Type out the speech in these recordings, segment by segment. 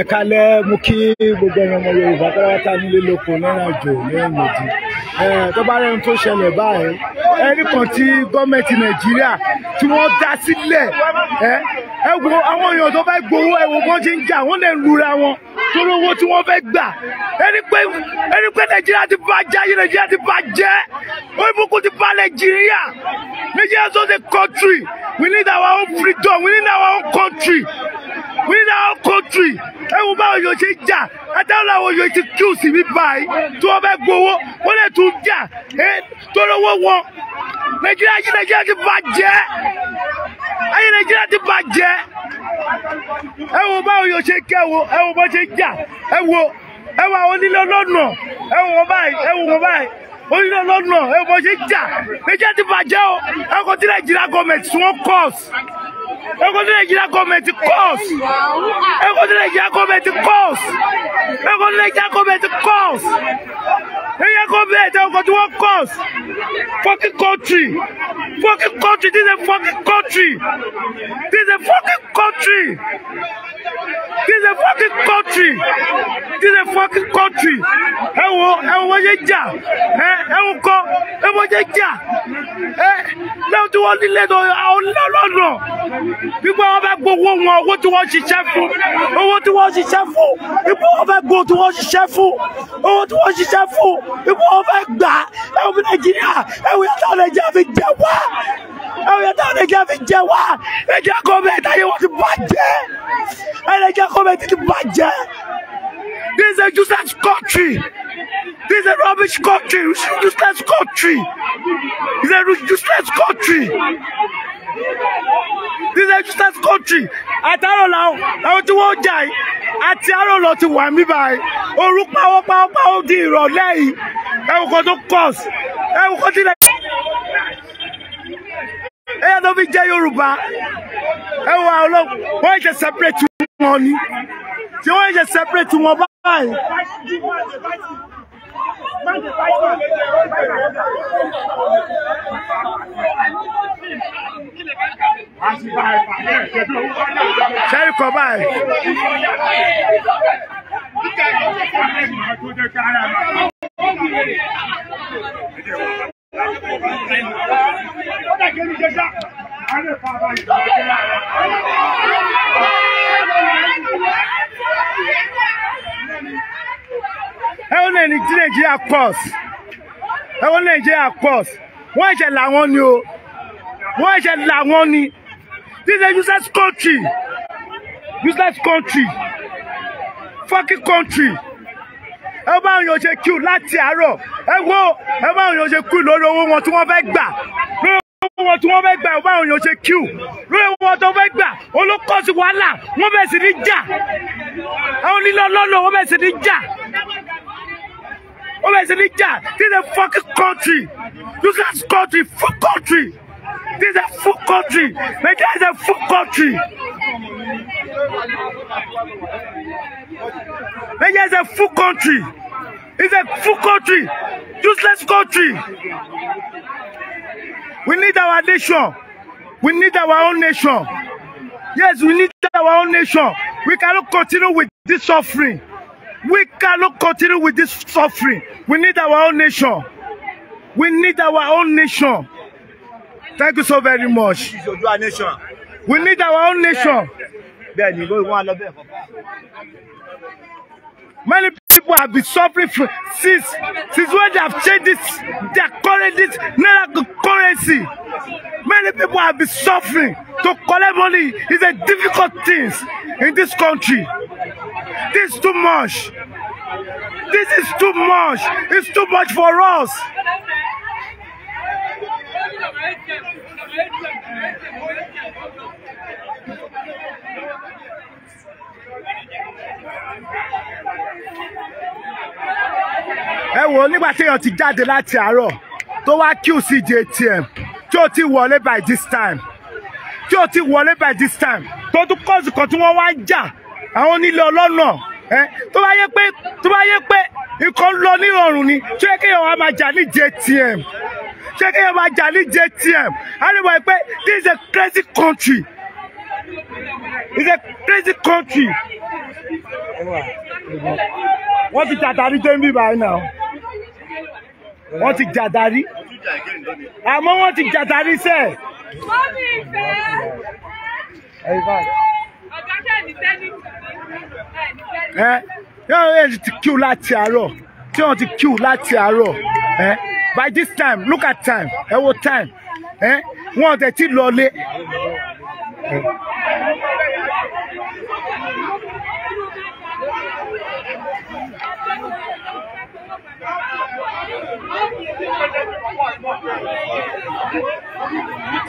ẹ kalẹ̀ mo kí gbogbo ẹ̀yàn ọmọ yorùbá pátápátá nílé lóko lẹ́rìn àjò lẹ́yìn òdì tó bá rẹ̀ ń tó ṣẹlẹ̀ báyìí ẹnì kan tí gọ́ọ̀mẹ̀ntì nàìjíríà tí wọ́n dá sílẹ̀ ẹ wo àwọn èèyàn tó fẹ́ gbowó ẹ wo bọ́n ṣe ń jà wọ́n lè lura wọn torí owó tí wọ́n fẹ́ gbà ẹni pé ẹni pé nàìjíríà ti bàjẹ́ ayé nàìjíríà ti bàjẹ́ oníbùkún ti bà nàìjíríà nàìjíríà is not a country we need our own freedom we need our own country military ewu báwo yóò ṣe jà àtàwọn làwọn yóò ti kí òsì mi báyìí tí wọn bẹ gbowó wọn lè tún jà tó lówó wọn nàìjíríà yìí nàìjíríà ti bàjẹ́ ayé nàìjíríà ti bàjẹ́ ewu báwo yóò ṣe kẹwo ewu bó ṣe jà ewu ewu àwọn onílé ọlọ́nà ewu wọn báyìí ewu wọn báyìí onílé ọlọ́nà ewu bó ṣe jà nàìjíríà ti bàjẹ́ o ẹ̀kọ́ tí nàìjíríà gọ́ọ̀mẹ̀tì tí wọ́n kọ́ọ̀sì. Eko ti Nigeria government cause. Eko ti Nigeria government cause. Eko ti Nigeria government cause. Nigeria government eko ti wọ́n Fucking country. Fucking country. This is a fucking country. This is a fucking country. This is a fucking country. This is a fucking country. Ẹ wo ẹ wo wọ́n yé jà ẹ ẹ wo kọ́ ẹ wọ́n yé jà ẹ lẹ́yìn tí wọ́n nílé tó ọlọ́lọ́nà gbígbọ́ wọn fẹ́ gbowó wọn owó tí wọ́n ṣiṣẹ́ fún owó tí wọ́n ṣiṣẹ́ fún ipò wọn fẹ́ gbowó tí wọ́n ṣiṣẹ́ fún owó tí wọ́n ṣiṣẹ́ fún ipò wọn fẹ́ gbà ẹ wọ́n fi Nàìjíríà ẹ wọ́n yàtọ̀ Nàìjíríà fi jẹ wá àwọn yẹn táwọn fi jẹ wá ẹ̀jẹ̀ kọ́mẹ̀ táyé wọn ti bàjẹ́ ẹ̀jẹ̀ kọ́mẹ̀ ti ti bàjẹ́ this is a useless country this is a rubbish country this is a useless country this is a useless country this is a useless country àtàrọ̀ làwọn làwọn tí wọ́n jà yìí àti àrò lọ ti wà mí báyìí òru pawọ́ pawọ́ pawọ́ di ìrọ̀lẹ́ yìí ẹ̀wọ̀n kan tó kọ̀ ẹ̀wọ̀n kan ti lẹ̀ ẹ̀yà tó fi jẹ́ Yorùbá ẹ wọ àwọn ọlọ́pàá wọ́n ṣe separate wọn ni tí wọ́n ṣe separate wọn báyìí. Sẹ́yìn kọ báyìí. Thank you gani jaja ana fama yi ẹ wọ́n lẹ́yìn tí nàìjíríà pọ̀s ẹ wọ́n nàìjíríà pọ̀s wọ́n ẹ̀ṣẹ̀ làwọn ni o wọ́n ẹ̀ṣẹ̀ làwọn ni this is a useless country useless country fucking country ẹ bá àwọn èèyàn ṣe queue láti àárọ̀ ẹ wo ẹ bá àwọn èèyàn ṣe queue lórí owó wọn tí wọ́n fẹ́ gbà wọn tí wọ́n fẹ́ gbà ìwọ́n àwọn ṣe kíù lórí wọn tó fẹ́ gbà olókọ́ wàhálà wọ́n bẹ̀ sí ní jà àwọn onílọ́lọ́lọ́ wọ́n bẹ̀ sí ní jà wọ́n bẹ̀ sí ní jà this is a fucking country Useless country full country this is a full country Nigeria is a full country. Nigeria is a full country. It's a full country. Useless country. We need our nation. We need our own nation. Yes, we need our own nation. We cannot continue with this suffering. We cannot continue with this suffering. We need our own nation. We need our own nation. Thank you so very much. We need our own nation. Many people have been suffering from since since when they have changed this their current this the currency. Many people have been suffering. To collect money is a difficult thing in this country. This is too much. This is too much. It's too much for us. wò nígbà téèyàn ti jáde láti àárọ̀ tó wá queue sí ìdí ATM tí ó ti wọlé by this time tí ó ti wọlé by this time tó tún kọ́ọ̀sì kan tí wọ́n wá ń jà àwọn onílé ọlọ́nà ẹ tó bá yẹ pé tó bá yẹ pé nǹkan lọ nírọ̀rùn ni tó yẹ kéèyàn wá máa jà ní ìdí ATM ṣé kéèyàn máa jà ní ìdí ATM á lè wọ pé this is a crazy country it's a crazy country wọ́n ti tàtàrí dé ń bí báyìí náà wọ́n ti jàdarí àmọ́ wọ́n ti jàdarí sẹ́ẹ̀. wọ́n ti fẹ́ ọ̀gá tẹ̀ ní tẹ́lí ẹ yóò yẹ ti queue láti àárọ̀ tí wọ́n ti queue láti àárọ̀ ẹ by this time look at time ẹ wo time ẹ wọ́n tẹ̀ ti lọlé.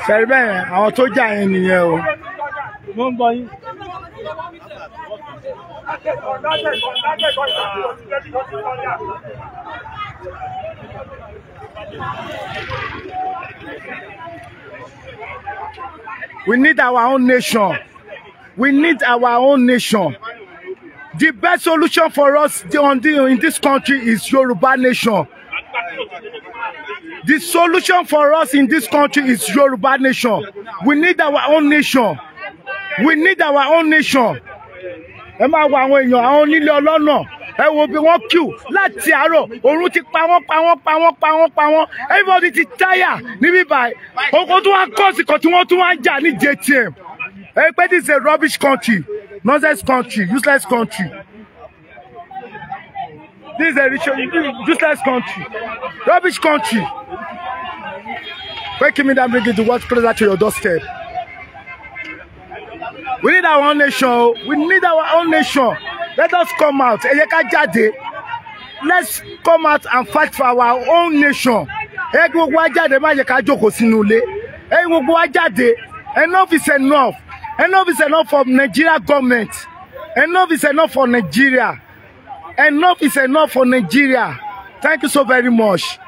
fẹ̀rí àwọn tó jà yẹn nìyẹn o. mo ń gbọ́ yín. We need our own nation. We need our own nation. The best solution for us on the, in this country is Yoruba nation. The solution for us in this country is Yoruba nation. We need our own nation. We need our own nation. Ẹ máa wo àwọn èèyàn àwọn onílé ọlọ́nà. Ẹ wo bí wọ́n queue láti àárọ̀. Oòrùn ti pa wọ́n pa wọ́n pa wọ́n pa wọ́n pa wọ́n. Everybody ti tire níbí báyìí. Oko tó wá kọ́ọ̀sì kan tí wọ́n tún wá ń jà ní JTM. Ẹ pé this is a rubbish country, nonsense country, useless country. This is a rich, useless country, rubbish country. Breaking me down, bring it to what's closer to your doorstep. We need our own nation. Oh. We need our own nation. Let us come out. Ẹ Let's come out and fight for our own nation. Ẹ gbogbo wa jáde Enough is enough. Enough is enough for Nigeria government. Enough is enough for Nigeria. Enough is enough for Nigeria. Thank you so very much.